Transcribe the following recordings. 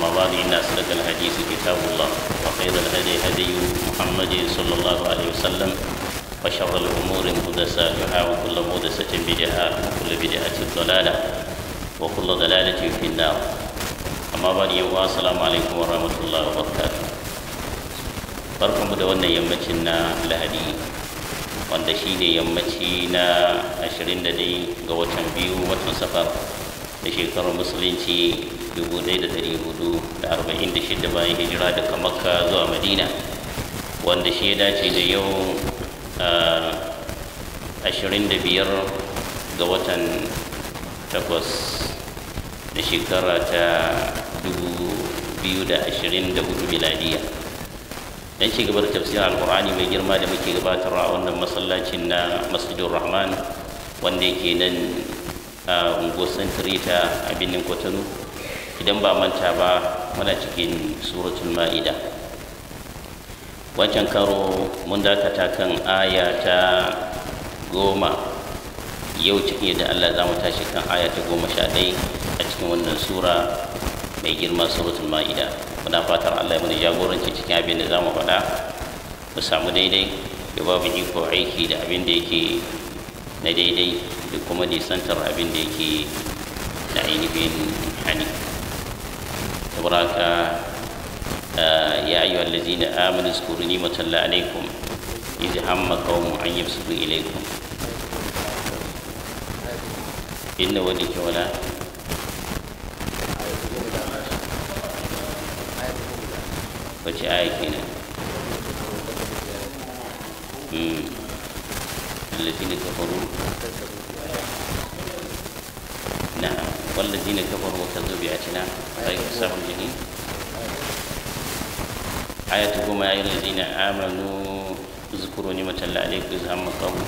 أما بعد إن أصدق الحديث كتاب الله وخير الهدي هدي محمد صلى الله عليه وسلم وشر الأمور محدثاتها وكل محدثة بدعة وكل بدعة ضلالة وكل ضلالة في النار أما بعد السلام عليكم ورحمة الله وبركاته barkanmu da wannan yammacin na lahadi wanda shi ne yammaci na 20 da dai ga watan biyu watan safar da shekarar musulunci 1446 bayan hijira daga makka zuwa madina wanda shi ya dace da yau 25 ga watan 8 da shekara ta 2024 miladiya dan ci gaba da tafsirin alkur'ani mai girma da muke gabatar a wannan masallacin na masjidun rahman wanda yake nan a unguwar santirita a birnin kwatano idan ba manta ba muna cikin suratul ma'ida wancan karo mun dakata kan aya ta goma yau cikin yadda allah za mu tashi kan aya ta goma sha ɗaya a cikin wannan sura mai girma suratul ma'ida muna fatar allah ya mana jagoranci cikin abin da za mu faɗa mu samu daidai ya babu iko aiki da abin da yake na daidai da kuma nisantar abin da yake na ainihin hani وبركاته يا أيها الذين آمنوا اذكروا نعمة الله عليكم إذ هم قوم أن يبسطوا إليكم إن وليك ولا wace aya kenan الذين كفروا والذين كفروا وكذبوا بآياتنا أولئك أصحاب الجحيم آياتكم يا الذين آمنوا اذكروا نعمة الله عليكم إذ هم قوم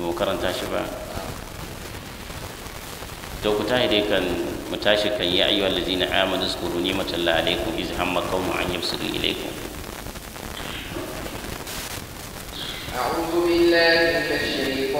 mu karanta shi ba to ku tashi dai kan mu tashi kan ya ayyuhal ladina amanu zkuru ni'matan alaykum iz hamma qaumun an yabsutu ilaykum a'udhu billahi minash shaitanir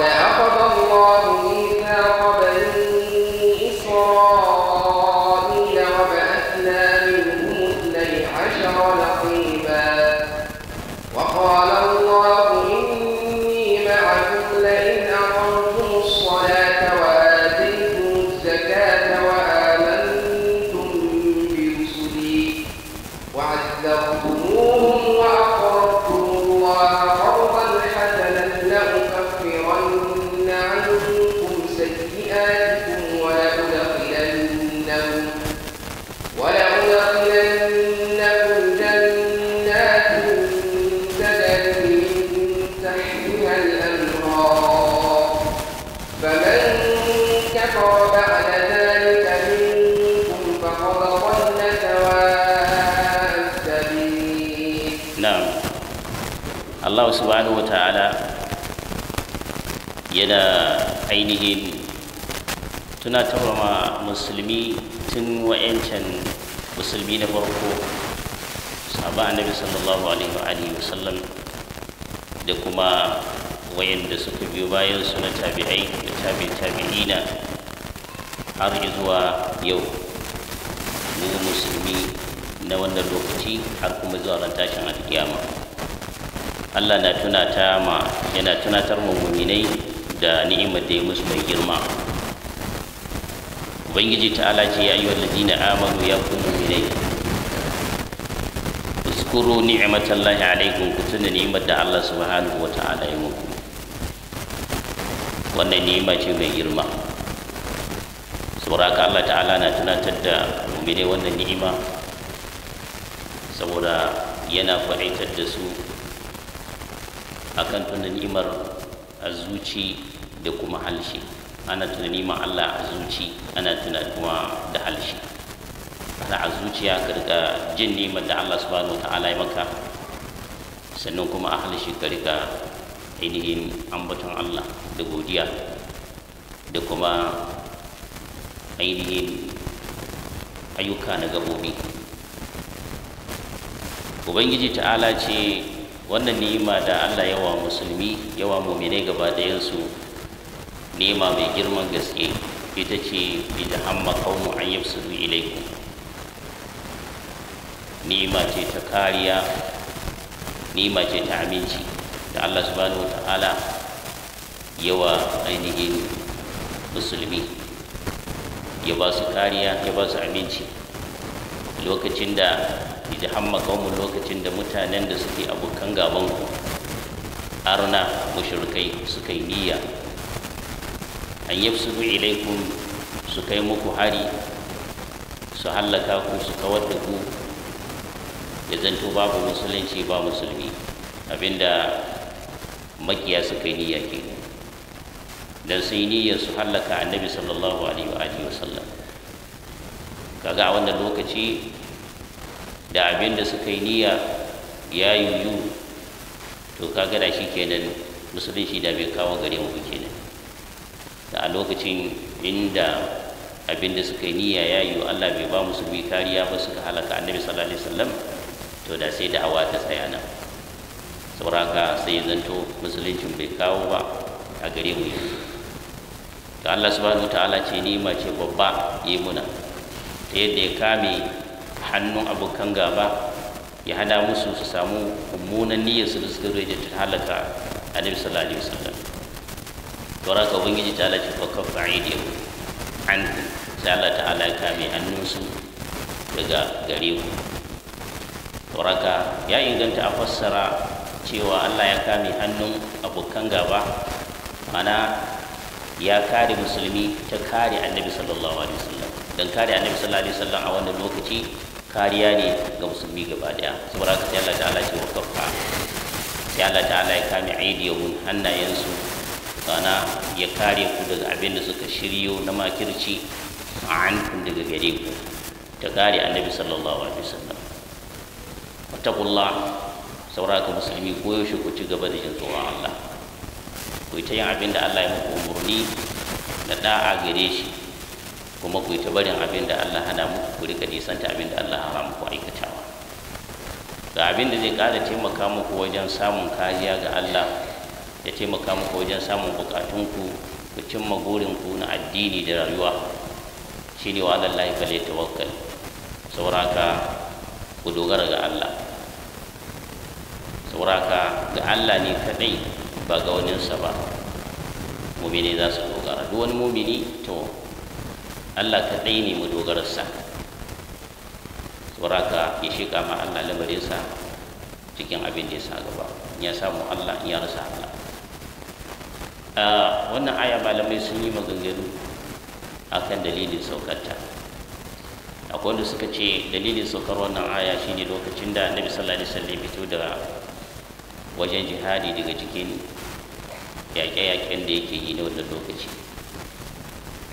é, para dar um modo. ta'ala yana ainihin tunatarwa ma musulmi tun 'yancan musulmi na farko sahaba annabi sallallahu alaihi wa wasallam da kuma wayanda suka biyo bayan su na tabi'ai da tabi'in tabi'ina har zuwa yau mu musulmi na wannan lokaci har kuma zuwa ran tashin alkiyama Allah na tuna ta ma yana tunatar mu muminai da ni'imar da ya musu mai girma ubangiji ta ce ya yi wa ladina amanu ya ku muminai uskuru ni'matallahi alaikum ku tuna ni'imar da Allah subhanahu wa ta'ala ya muku wannan ni'ima ce mai girma sauraka Allah ta'ala na tunatar da muminai wannan ni'ima saboda yana faɗaitar da su akan tuna ni'imar a zuci da kuma halshe ana tuna ni'imar Allah a zuci ana tuna kuma da halshi ana a zuciya ka rika jin ni'imar da Allah subhanahu ta'ala ya maka sannan kuma a halshe ka rika ainihin ambaton Allah da godiya da kuma ainihin ayyuka na gabobi ubangiji ta'ala ce wannan ni'ima da Allah ya wa musulmi ya wa muminai gaba da ɗayansu ni'ima mai girman gaske ita ce da hamma qaumu an yabsudu ilaiku. ni'ima ce ta kariya ni'ima ce ta aminci da Allah subhanahu ta'ala yawa ainihin musulmi ya ba su kariya ya ba su aminci lokacin da idi hamma kawo lokacin da mutanen da suke abokan gabanku arna mushrikai suka yi niyya an bi ilaikum su kai muku hari su hallaka ku su kawar da ku ya zanto babu musulunci ba musulmi abinda makiya suka yi niyya ke dan sun yi niyyar su hallaka annabi sallallahu alaihi wa sallam kaga a wannan lokaci da abin da suka yi niyya ya yiwu to kaga da shi kenan musulunci da bai kawo gare mu kenan da a lokacin inda abin da suka yi niyya ya yiwu Allah bai ba bi kariya ba suka halaka annabi sallallahu alaihi wasallam to da sai da'awa ta tsaya nan sauraka sai ya zanto musuluncin bai kawo ba a gare mu yanzu Allah subhanahu ta'ala ce ni ma ce babba yi muna ta yadda ya kame hannun abokan gaba ya hada musu su samu mummunan niyyar su da suka rage ta halaka annabi sallallahu alaihi wasallam to raka ubangiji ta lafi fa kafa aidiyu an sai Allah ta halaka mai hannunsu daga gare ku to raka ya inganta a fassara cewa Allah ya kame hannun abokan gaba mana ya kare musulmi ta kare annabi sallallahu alaihi wasallam dan kare annabi sallallahu alaihi wasallam a wannan lokaci kariya ne ga musulmi gaba daya saboda haka sai Allah ta'ala ce wa kafa sai Allah ta'ala ya kame hannayen hannayensu kana ya kare ku daga abin da suka shiryo na makirci a kun daga gare ku ta kare annabi sallallahu alaihi wasallam wattaqullah haka musulmi koyaushe ku ci gaba da jin tsoron Allah ku yi ta yin abin da Allah ya muku umarni da da'a gare shi kuma ku ta barin abin da Allah hana muku ku rika nisanta abin da Allah hana muku aikatawa ga abin da zai ƙara taimaka muku wajen samun kariya ga Allah da taimaka muku wajen samun bukatunku ku cimma burinku na addini da rayuwa shine wa lallahi fa tawakkal sauraka ku dogara ga Allah sauraka ga Allah ne kadai ba ga waninsa ba mumini za su dogara duk wani mumini to Allah kaɗai ne sa tsoraka ya shiga ma Allah lamarinsa cikin abin da ya sa gaba ya samu Allah ya rasa Allah wannan aya malamai sun yi maganganu akan dalilin saukarta akwai wanda suka ce dalilin saukar wannan aya shi ne lokacin da annabi sallallahu alaihi wasallam fito da wajen jihadi daga cikin yaƙe-yaƙen da yake yi na wannan lokaci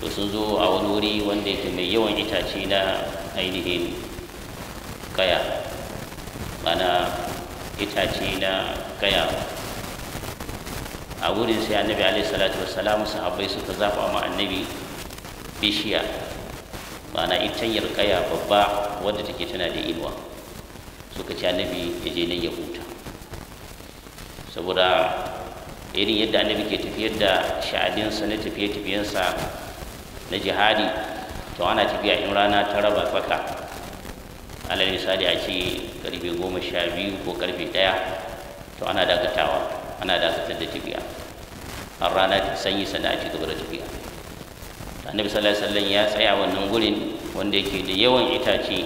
to sun zo a wani wuri wanda yake mai yawan itace na ainihin kaya mana itace na kaya a wurin sai annabi alaihi salatu sahabbai suka zafa ma annabi bishiya mana itanyar kaya babba wadda take tana da inuwa suka ci annabi ya je nan ya huta saboda irin yadda annabi ke tafiyar da sha'adinsa na tafiye-tafiyensa na jihadi to ana tafiya in rana ta raba tsaka alal misali a ce karfe goma sha biyu ko karfe ɗaya to ana dakatawa ana dakatar da tafiya har rana ta sanyi sana a ci gaba da tafiya annabi sallallahu alaihi wasallam ya tsaya wannan gurin wanda yake da yawan itace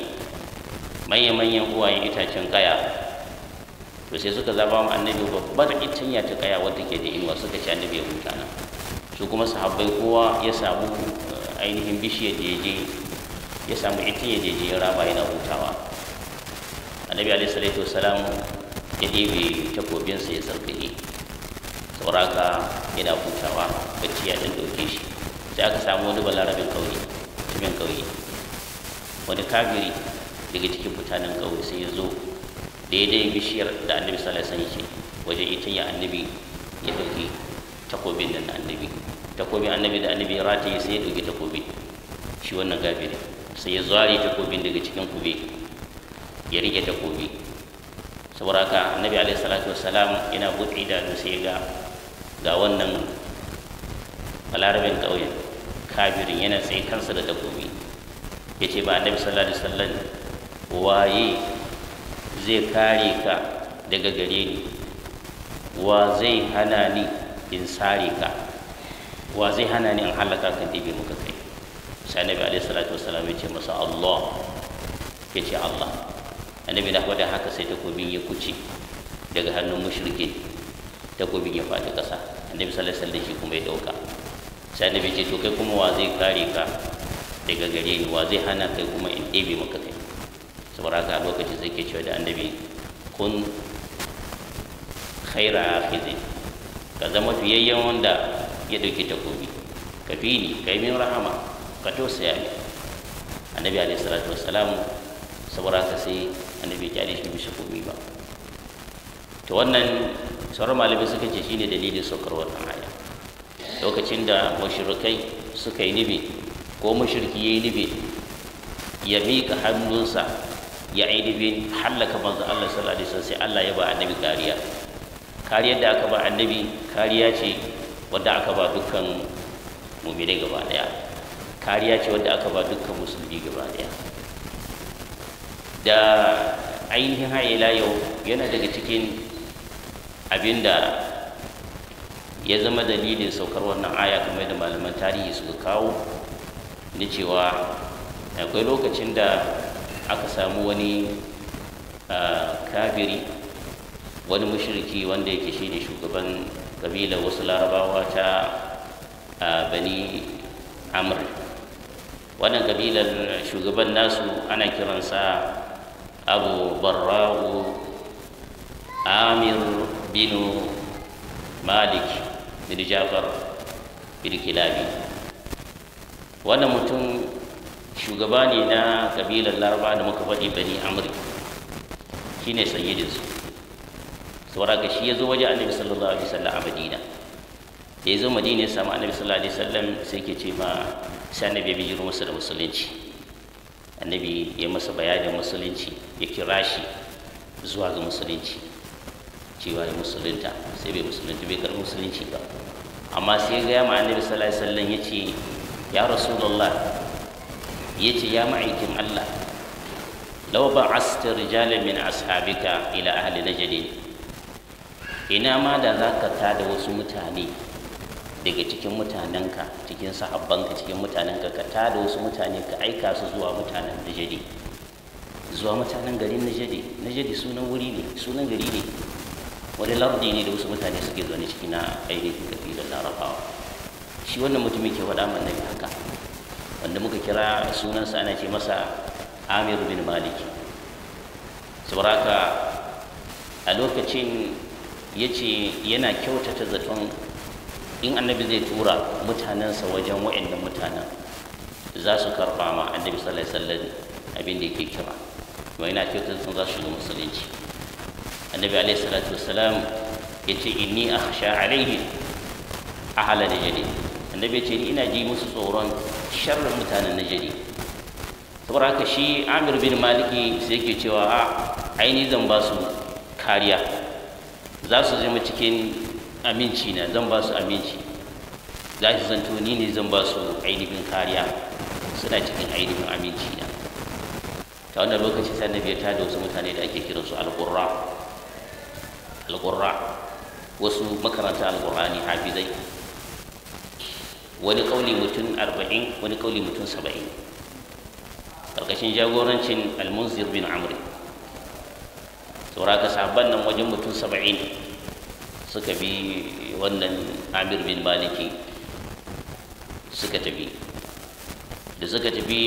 manya-manyan uwayen itacen kaya to sai suka zaba wa annabi babbar itaciya ta kaya wadda ke da inuwa suka ci annabi ya huta nan su kuma sahabbai kowa ya samu ainihin bishiya da ya je ya samu itin ya je ya raba yana hutawa annabi alaihi salatu wasalam ya ɗebe takobinsa ya tsarkake sauraka yana hutawa bacci ya ɗan ɗauke shi sai aka samu wani balarabin ƙauye cikin ƙauye wani kafiri daga cikin mutanen ƙauye sai ya zo daidai bishiyar da annabi sallallahu alaihi wasallam ya ce wajen ita ya annabi ya ɗauke takobin nan annabi takobin annabi da annabi rati sai ya ɗauki takobi shi wannan gafiri sai ya zare takobin daga cikin kube ya rike takobi saboda haka annabi alaihi salatu wassalam yana buɗe idanu sai ga ga wannan balarabin ƙauyen kafirin yana tsaye kansa da takobi ya ce ba annabi sallallahu alaihi wasallam waye zai kare ka daga gare ni wa zai hana ni in sare ka wa zai hana ni in halaka kan ɗebe muka kai sai annabi alaihi salatu wasalam ya ce masa Allah ya ce Allah annabi na faɗa haka sai takobin ya kuce daga hannun mushrikin takobin ya faɗi ƙasa annabi sallallahu alaihi wasallam shi kuma ya ɗauka sai annabi ce to kai kuma wa zai kare ka daga gare ni wa zai hana kai kuma in ɗebe maka kai saboda haka a lokacin sai ke cewa da annabi kun khaira akhizin ka zama fiyayyen wanda ya dauke takobi ka fi ni ka yi min rahama ka tausaya ni annabi alaihi salatu wassalam saboda haka sai annabi ya kyale shi bisa komi ba to wannan sauran malamai suka ce shine dalilin saukar wannan aya lokacin da mushrikai suka yi nibe ko mushriki yayi nibe ya miƙa hannunsa ya ainihin hallaka manzo Allah sallallahu alaihi wasallam sai Allah ya ba annabi kariya kariyar da aka ba annabi kariya ce wadda aka ba dukkan muminai gaba daya kariya ce wadda aka ba dukkan musulmi gaba daya da ainihin haila yau yana daga cikin abin da ya zama dalilin saukar wannan aya kamar da malaman tarihi suka kawo na cewa akwai lokacin da aka samu wani ah, kabiri, wani mushiriki, wanda yake ne shugaban قبيلة وسلاربا واتا آه، بني عمرو وانا قبيلة شغب الناس انا كرنسا ابو براء امير بن مالك بن جعفر بن كلابي وانا متم شغباني نا قبيلة لاربا نمكفتي بني عمرو شيني سيدي saboda ga shi ya zo waje annabi sallallahu alaihi wasallam a madina da ya zo madina ya samu annabi sallallahu alaihi wasallam sai ke ce ma sai annabi ya bijiro masa da musulunci annabi ya masa bayanin musulunci ya kira shi zuwa ga musulunci cewa ya musulunta sai bai musulunta bai karɓi musulunci ba amma sai ga ya ma annabi sallallahu alaihi wasallam ya ce ya rasulullah ya ce ya ma'aikin Allah law ba'asta rijalan min ashabika ila ahli najd ina ma da za ka tada wasu mutane daga cikin mutanenka cikin sahabbanka cikin mutanenka ka tada wasu mutane ka aika su zuwa mutanen jade zuwa mutanen garin na jade sunan wuri ne sunan gari ne wani lardi ne da wasu mutane suke zaune ciki na ainihin da larabawa shi wannan mutum ke faɗa mana ne haka wanda muka kira sunansa ana ce masa amir bin maliki saboda a lokacin ya ce yana kyautata zaton in annabi zai tura mutanensa wajen wa'annan mutanen za su karɓa ma annabi sallallahu alaihi wasallam abin da yake kira kuma yana kyautata zaton za su shiga musulunci annabi alaihi salatu wasalam ya ce inni akhsha alaihi ahla najdi annabi ya ce ni ina ji musu tsoron sharrin mutanen najdi saboda haka shi amir bin maliki sai yake cewa a aini zan ba su kariya za su zama cikin aminci na zan ba su aminci za su zanto ni ne zan ba su ainihin kariya suna cikin ainihin aminci na ta wannan lokaci ta annabi ta tada wasu mutane da ake kiransu al alƙurra wasu makaranta alƙur'ani hafizai wani kauli mutum arba'in wani kauli mutum saba'in ƙarƙashin jagorancin almunzir bin amri saura ka sahabban nan wajen mutum saba'in suka bi wannan amir bin maliki suka tafi da suka tafi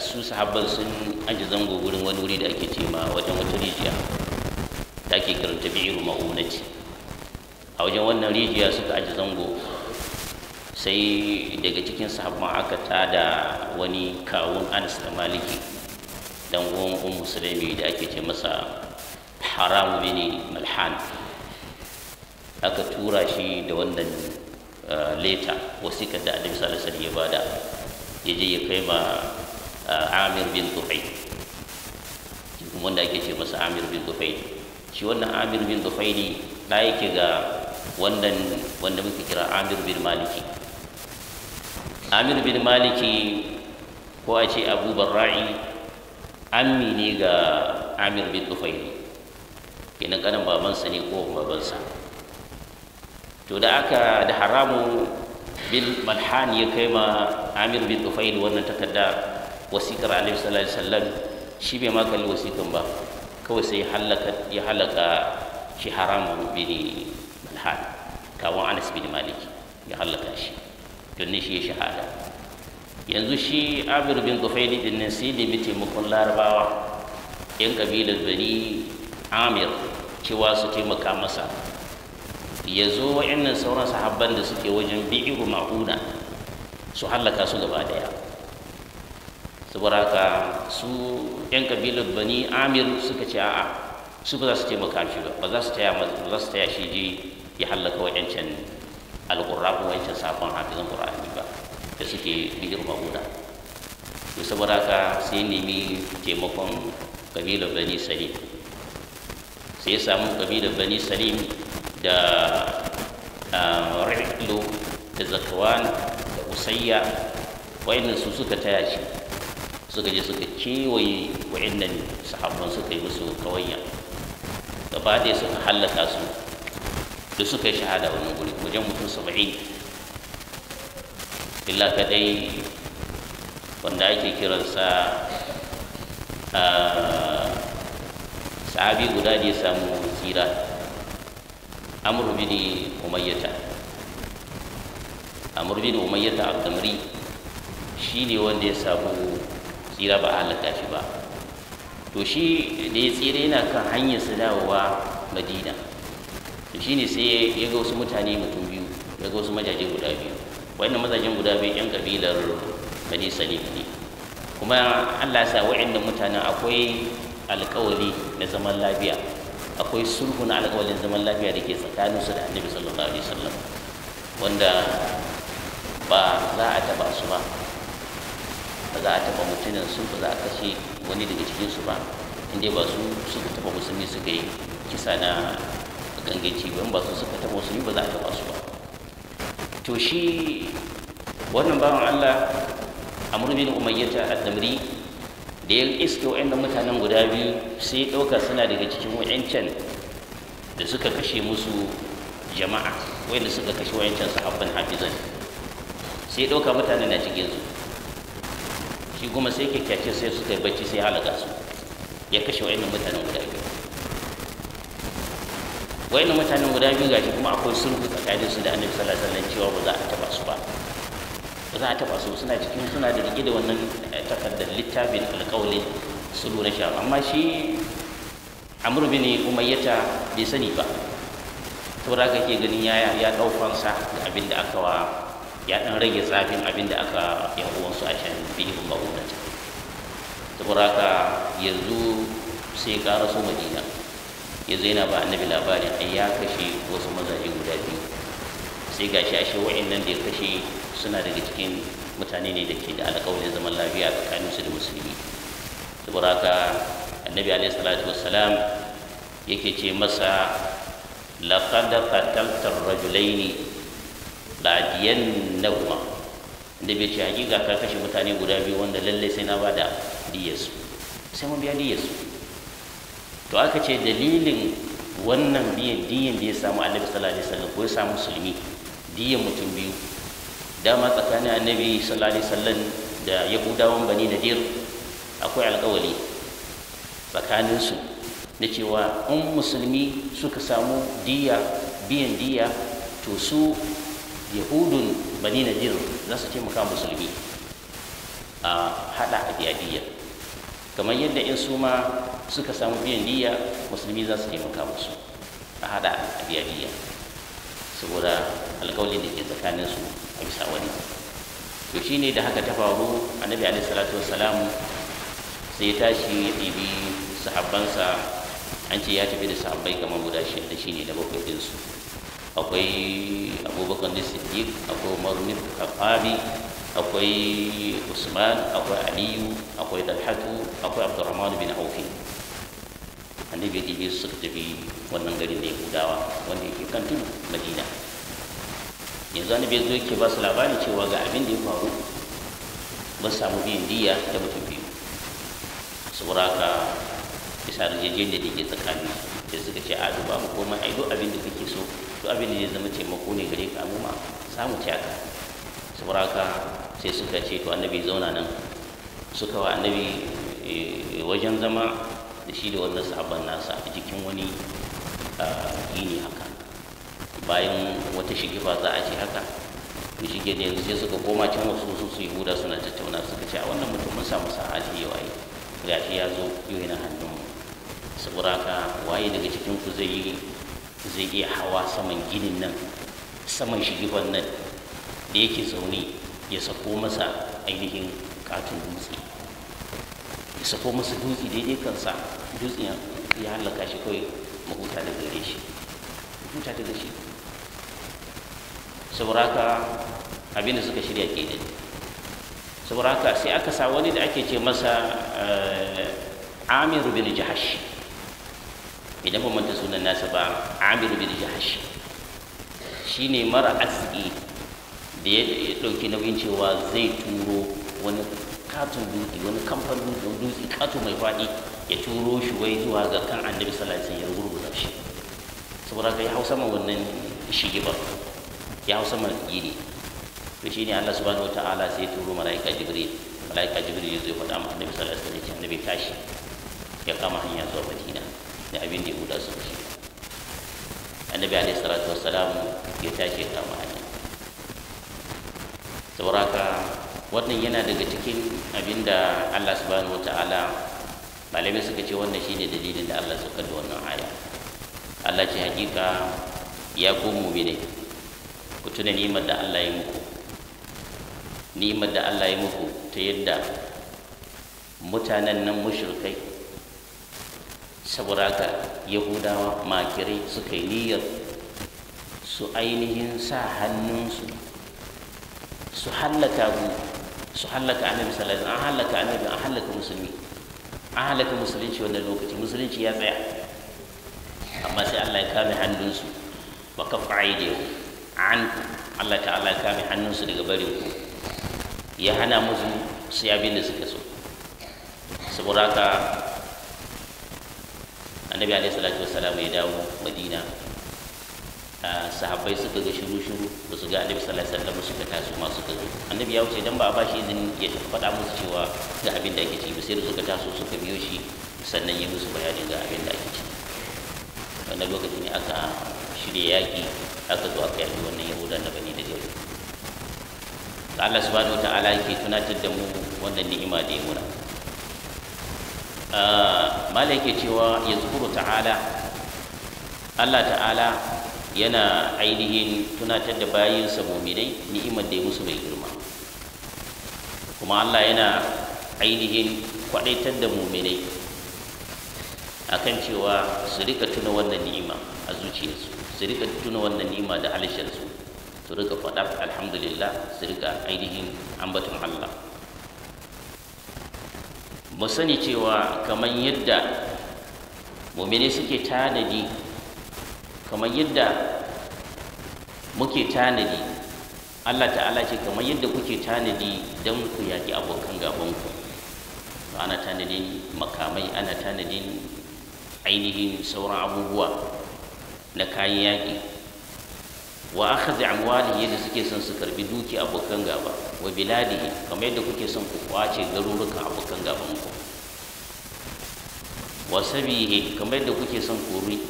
su sahabban sun aji zango wurin wani wuri da ake ce ma wajen wata rijiya da ake karanta biyu ma'unaci a wajen wannan rijiya suka aji zango sai daga cikin sahabban aka tada wani kawun anas da maliki dan uwan musulmi da ake ce masa haramu bini malhan aka tura shi da wannan eh, leta wasikar da annabi sallallahu alaihi ya bada ya je ya kai ma eh, amir bin tufai wanda ake ce masa amir bin tufai shi wannan amir bin tufai ne da yake ga wannan wanda muke kira amir bin maliki amir bin maliki ko a ce abu barra'i ammi ne ga amir bin tufai kenan kanan babansa ne ko babansa to da aka da haramu bin malhan ya kai ma amir bin tufail wannan takarda wasikar alaihi sallallahu alaihi sallam shi bai ma kalli wasikan ba kawai sai ya halaka shi haramun bin malhan kawon anas bin malik ya halaka shi don ne shi ya shahada yanzu shi amir bin tufail din nan sai da taimakon larabawa yan kabilar bani amir cewa su taimaka masa ya zo wa'annan sauran sahabban da suke wajen bi'iru ma'una su hallaka su gaba daya saboda haka su 'yan kabilar bani amir suka ce a'a su ba za su taimaka shi ba za su taya ba za su taya shi je ya hallaka wa'ancan alƙurra ko wa'ancan sabon hafizan ƙur'ani ba da suke bi'iru ma'una to saboda haka sai nemi taimakon kabilar bani salim sai ya samu kabilar bani salim da ri'lu da zakawan da usayya wa'annan su suka taya shi suka je suka kewaye wa'annan sahabban suka yi musu kawanya gaba ɗaya suka hallaka su da suka yi shahada wani guri wajen mutum saba'in illa kadai wanda ake kiransa ah, sahabi guda da ya samu tsira amr bin umayyata amr bin umayyata wanda ya samu tsira ba halaka shi ba to shi da ya tsira yana kan hanyar sadawa madina to shine sai ya ga wasu mutane mutum biyu ya ga wasu majaje guda biyu wa'annan mazajen guda biyu yan kabilar bani salif ne kuma Allah sa wa'annan mutanen akwai alƙawari na zaman lafiya akwai sulhun alƙawalin zaman lafiya da ke tsakaninsu da annabi sallallahu alaihi wasallam wanda ba za a taɓa su ba ba za a taɓa mutumin su ba za a kashe wani daga cikinsu ba inda ba su suka taɓa musulmi suka yi kisa na gangaci ba ba su suka taɓa musulmi ba za a taɓa su ba to shi wannan bawan allah amur bin umayyata al-damri da ya iske wa'annan mutanen guda biyu sai ɗauka suna daga cikin wa'ancan da suka kashe musu jama'a wa'anda suka kashe wa'ancan sahabban hafizan sai ɗauka mutanen na cikin su shi kuma sai kyakkyace sai suka yi bacci sai halaga su ya kashe wa'annan mutanen guda biyu wa'annan mutanen guda biyu gashi kuma akwai sulhu tsakanin su da annabi sallallahu alaihi wasallam cewa ba za a taba su ba ba za a taba su suna cikin suna da rike da wannan eh, takardar littafin alkawali su lura sha amma shi amur bin umayyata bai sani ba saboda ke ganin ya ya daukan sa da abin da aka wa ya dan rage tsafin abin da aka yan uwansu a shan bihin ma'unata saboda haka yanzu sai ka su madina yanzu yana ba annabi labarin ai ya kashe wasu mazaje guda biyu sai ga shi ashe nan da ya kashe suna daga cikin mutane ne da ke da alƙawarin zaman lafiya tsakaninsu da musulmi saboda haka annabi alaihi salatu wassalam yake ce masa laqad qatalta ar-rajulayn la'diyannahuma bai ce hakika ka kashe mutane guda biyu wanda lalle sai na bada diyarsu sai mun biya diyarsu to aka ce dalilin wannan biyan diyan da ya samu annabi sallallahu alaihi wasallam ko ya samu musulmi diyan mutum biyu dama tsakanin annabi sallallahu alaihi wasallam da yahudawan bani nadir akwai tsakanin su na cewa in musulmi suka samu diya biyan diya to su yahudun bani nadir za su taimaka musulmi a hada a biya diya kamar yadda in su ma suka samu biyan diya musulmi za su taimaka musu a hada a biya diya saboda alƙawli da ke tsakanin su a bisa wani to shine da haka ta faru annabi alaihi salatu wassalam sai ya tashi ya ɗibi sahabbansa an ce ya tafi da sahabbai kamar guda shida ne da bakwai ɗinsu akwai abubakar da siddiq akwai umar bin khattabi akwai usman akwai aliyu akwai dalhatu akwai abdurrahman bin aufi annabi ya ɗibi su suka tafi wannan garin da ya gudawa wanda yake kan tudu madina yanzu wani bezo zo yake ba su labari cewa ga abin da ya faru ba samu biyan diya da mutum biyu saboda haka bisa yarjejeniyar da ke tsakani da suka ce a duba mu komai a duk abin da kake so duk abin da ya zama taimako ne gare ka mu samu ciyaka saboda ka sai suka ce to annabi zauna nan suka wa annabi eh, wajen zama da shi da wannan sabon nasa a jikin wani ah, gini haka bayan wata shigifa za a ce haka to shi ke yanzu sai suka koma can wasu su su huda suna tattauna suka ce a wannan mutum mun samu sa'ati ya waye shi ya zo yau na hannunmu saboda ka waye daga cikin ku zai zai iya hawa saman ginin nan saman shigifan nan da yake zaune ya sako masa ainihin katon dutse ya sako masa dutse daidai kansa dutse ya halaka shi kawai mahuta da gare shi mahuta da shi sauraka abinda suka shirya ke kenan sauraka sai aka sa wani da ake ce masa eh, amir bin jahash idan ban manta sunan nasa ba amir bin jahash ne mara arziki da ya ɗauki nauyin cewa zai turo wani katon dutse wani kamfanin dutse katon mai faɗi ya turo shi wai zuwa ga kan annabi sallallahu alaihi wasallam ya gurgurta shi saboda kai hausa ma wannan shi ba ya hau sama gini to shi ne Allah subhanahu ta'ala sai turo mala'ika jibril mala'ika jibril ya zai ya faɗa ma annabi sallallahu alaihi wasallam annabi tashi ya kama hanya zuwa madina da abin da ya huda su shi annabi alaihi salatu wassalam ya tashi ya kama hanya sauraka wannan yana daga cikin abin da Allah subhanahu ta'ala malamai suka ce wannan shine dalilin da Allah suka da wannan aya Allah ce hakika ya komo ku ne. ku tuna ni'imar da Allah ya muku ni'imar da Allah ya muku ta yadda mutanen nan mushrikai saboda haka yahudawa makirai suka yi niyyar su ainihin sa hannunsu su hallaka ku su hallaka annabi sallallahu an hallaka annabi an hallaka musulmi an hallaka musulunci wannan lokaci musulunci ya tsaya amma sai Allah ya kame hannunsu wa kafa aidiyahum anku Allah ta'ala kame hannunsu daga barin ku ya hana musu su abin da suka so saboda ka annabi alaihi salatu wassalam ya dawo madina sahabbai suka ga shiru shiru ba su ga annabi sallallahu alaihi wasallam suka taso ma suka zo annabi ya wuce dan ba a bashi izini ya faɗa musu cewa ga abin da ake ci sai da suka taso suka biyo shi sannan ya musu bayanin ga abin da ake ci wannan lokacin ne aka shirya yaƙi aka zo aka yaƙi wannan yahudan da bani da jari Allah subhanahu ta'ala yake tunatar da mu wannan ni'ima da ya muna ah, mala yake cewa ya ta'ala Allah ta'ala yana ainihin tunatar da bayinsa muminai ni'imar da ya musu mai girma kuma Allah yana ainihin kwaɗaitar da muminai akan cewa su rika tuna wannan ni'ima a zuciyarsu su rika tuna wannan nima da halishin su su rika faɗar alhamdulillah su rika ainihin ambaton Allah mu sani cewa kamar yadda mumini suke tanadi kamar yadda muke tanadi Allah ta'ala ce kamar yadda kuke tanadi don ku yaƙi abokan gabanku ana tanadin makamai ana tanadin ainihin sauran abubuwa na kayan yaƙi wa akhdhi amuwali yadda suke son su karbi duki abokan gaba wa biladi kamar yadda kuke son ku kwace garuruka abokan gaban ku wa sabihi kamar yadda kuke son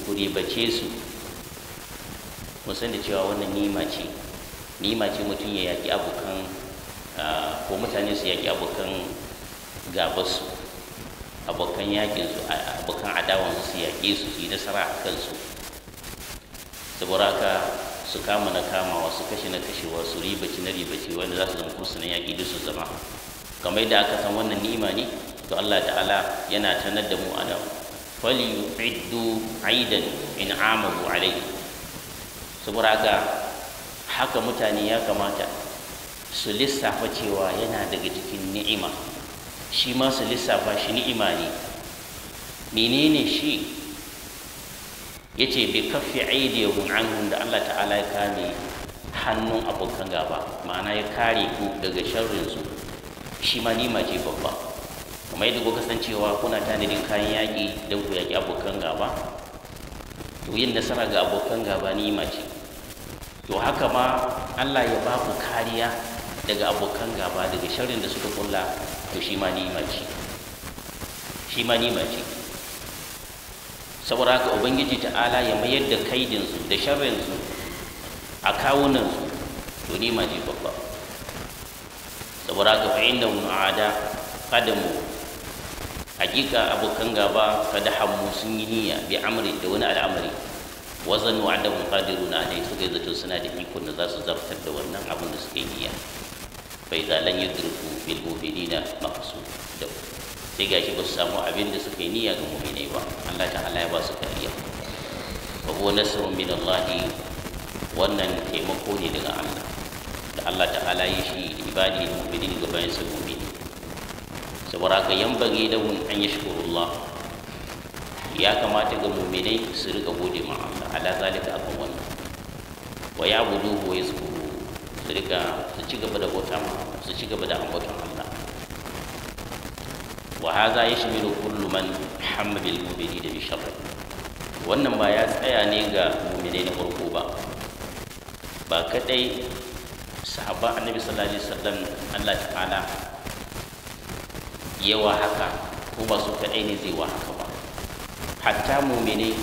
ku ribace su Mun san da cewa wannan nima ce nima ce mutum ya yaƙi abokan ko mutane su yaƙi abokan gabasu abokan yaƙinsu abokan adawansu su yaƙe su su yi nasara a kansu saboda haka su kama na kamawa su kashe na kashewa su ribaci na ribaci wanda za su zama kursunan yaƙi duk su zama kamar yadda aka san wannan ni'ima ne to Allah ta'ala yana tanar da mu Fali falyu'iddu aidan in'amahu alai saboda haka haka mutane ya kamata su lissafa cewa yana daga cikin ni'ima shi ma su lissafa shi ni'ima ne menene shi ya ce bi kafi aidiyahum anhum da Allah ta'ala ya kame hannun abokan gaba ma'ana ya kare ku daga sharrinsu. su shi ma nima ce babba kamar yadda kuka san cewa kuna tanadin kayan yaƙi don ku yaƙi abokan gaba to yin nasara ga abokan gaba nima ce to haka ma Allah ya ba ku kariya daga abokan gaba daga sharrin da suka kulla to shi ma nima ce shi ma nima ce saboda haka ubangiji ta'ala ya mayar da kaidinsu da sharrinsu a kawunansu to ni ma babba saboda haka fa'in da mu'ada mu. hakika abokan gaba kada hammu sun yi niyya bi amri da wani al'amari wazan qadiru na dai suka yi zato suna da ikon da za su zartar da wannan abin da suka yi niyya fa idza lan yudriku bil mu'minina maqsud da sai ga shi ba su samu abin da suka yi niyya ga mu'minai ba Allah ta'ala ya ba su kariya wa huwa nasrun min Allah wannan taimako ne daga Allah da Allah ta'ala ya shi ibadi mu'minin ga bayan su mu'mini saboda haka yambage da hun an yashkurullah ya kamata ga mu'minai su rika gode ma Allah ala zalika akan wannan wa ya'buduhu wa yazkuruhu su rika su ci gaba da bauta su ci gaba da ambatan Allah Wahaza ya shiga kullu man hamma bil mu'minina bi wannan ba ya tsaya ne ga mu'minai na farko ba ba kadai sahaba annabi sallallahu alaihi wasallam Allah ta'ala yawa haka ko ba su kadai ne zai wa haka ba hatta mu'minai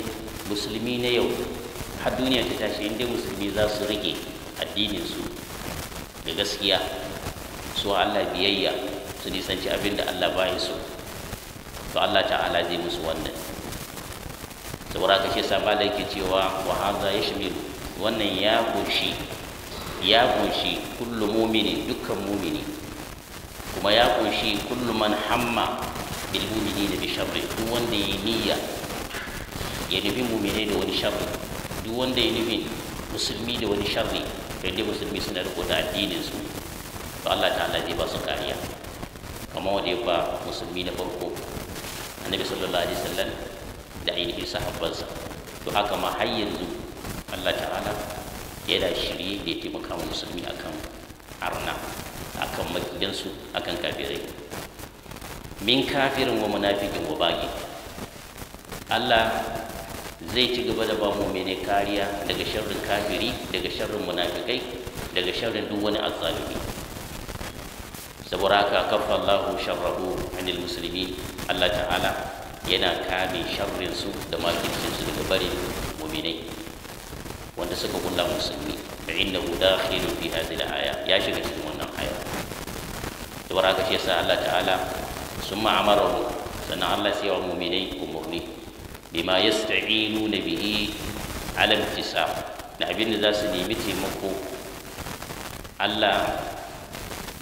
musulmi na yau har duniya ta tashi inda musulmi za su rage addinin su da gaskiya su Allah biyayya su nisanci abin da Allah baya so to Allah ta'ala zai musu wannan saboda haka shi yasa malai yake cewa wa hadha yashmil wannan ya kunshi ya kunshi kullu mumini dukkan mumini kuma ya kunshi kullu man hamma bil mumini da bi sharri duk wanda ya niyya ya nufi mumini da wani sharri duk wanda ya nufi musulmi da wani sharri kai dai musulmi suna riko da addinin su to Allah ta'ala zai ba su kariya kamar wanda ya ba musulmi na farko annabi sallallahu alaihi wasallam da ainihin sahabbansa to haka ma har yanzu Allah ta'ala yana shirye da ya taimaka wa musulmi akan arna akan makiyansu akan kafirai min kafirin wa munafikin wa bagi Allah zai ci gaba da ba mu'mini kariya daga sharrin kafiri daga sharrin munafikai daga sharrin duk wani azzalimi saboda haka kafa Allahu sharrahu anil muslimin Allah ta'ala yana kame sharrin da makircin daga barin muminai wanda suka kulla musulmi da inda guda khilun fi hadhihi aya ya shiga cikin wannan aya saboda aka ce sa Allah ta'ala sun ma'amarahu sannan Allah sai wa muminai umurni bima yasta'inuna bihi ala imtisam da abin da za su nemi taimako Allah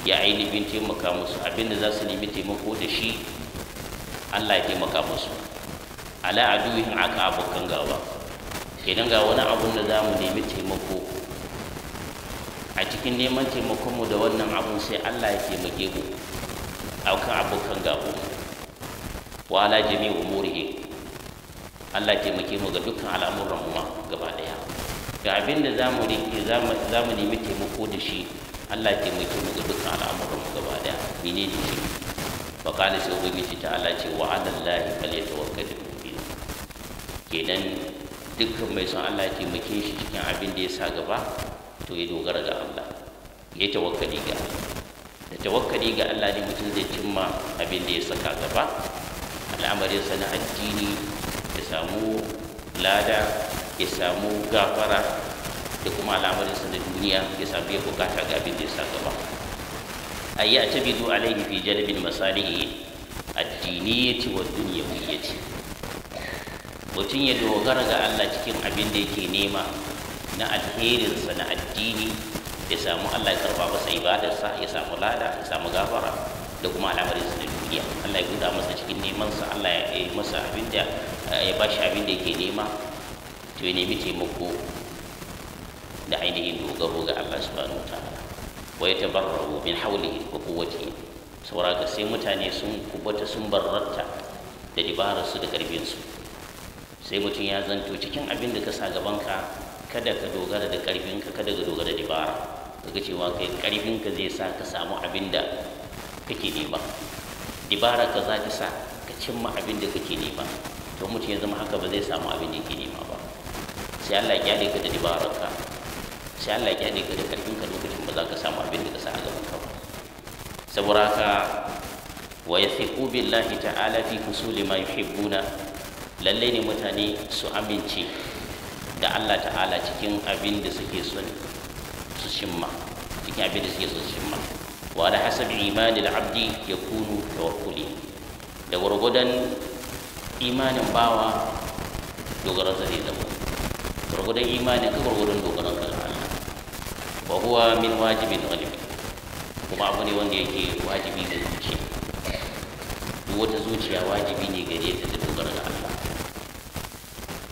ya ainihin taimaka musu abin da za su nemi taimako da shi Allah ya taimaka musu ala aduhin aka abokan gaba idan ga wani abun da za mu nemi taimako a cikin neman taimakonmu da wannan abun sai Allah ya taimake mu akan abokan gaba wa ala jami'u umurihi Allah ya taimake mu ga dukkan al'amuran mu gaba daya ga abin da zamu rike zamu nemi taimako da shi Allah ya taimake mu ga dukkan al'amuran mu gaba daya menene shi fa qala sai ubangiji ta Allah ce wa ala llahi falyatawakkalul mu'minun kenan dukkan mai son Allah ke muke shi cikin abin da ya sa gaba to ya dogara ga Allah ya tawakkali ga da tawakkali ga Allah ne mutum zai cimma abin da ya saka gaba al'amarinsa na addini ya samu lada ya samu gafara da kuma al'amarinsa na duniya ya sami ya bukata ga abin da ya sa gaba ay ya'tabidu alayhi fi jalb al-masalih ad-diniyyah wa ad-dunyawiyyah mutum ya dogara ga Allah cikin abin da yake nema na alherinsa na addini ya samu Allah ya karba masa ibadarsa ya samu lada ya samu gafara da kuma al'amarinsa da duniya Allah ya buɗa masa cikin nemansa Allah ya yi masa abin da ya ba shi abin da yake nema to ya nemi taimako da ainihin dogaro ga Allah subhanahu wa ta'ala wa yatabarra'u min hawlihi wa Saura ga sai mutane sun kubata sun barratta da su da karfinsu sai mutum ya zanto cikin abin da ka sa gabanka kada ka dogara da karfinka kada ka dogara da dabara kaga cewa kai karfinka zai sa ka samu abin da kake nema Dibara ka za ka sa ka cimma abin da kake nema to mutum ya zama haka ba zai samu abin da yake nema ba sai Allah ya ka da dibararka. sai Allah ya kyale ka da karfin ka lokacin ba za ka samu abin da ka sa a gaban ka ba saboda haka wa yathiqu billahi ta'ala fi husuli ma yuhibbuna lalle ne mutane su amince da Allah ta'ala cikin abin da suke son su shimma cikin abin da suke son su shimma wa da hasab imanil abdi yakunu tawakkuli da gurgudan imanin bawa dogaran zai zama gurgudan imanin ka gurgudan dogaran huwa min wajibin wajibi, kuma abu ne wanda yake wajibi ga zuci duk wata zuciya wajibi ne gare ta da dogara da Allah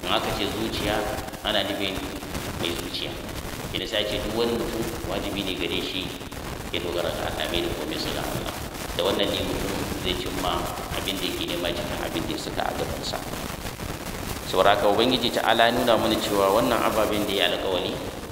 in aka ce zuciya ana nufin mai zuciya idan sai ce duk wani mutum wajibi ne gare shi ya dogara da Allah mai da mai su Allah da wannan ne mutum zai cimma abin da ke nema cikin abin da suka a gabansa sauraka ubangiji ta ala nuna mana cewa wannan ababen da ya alƙawari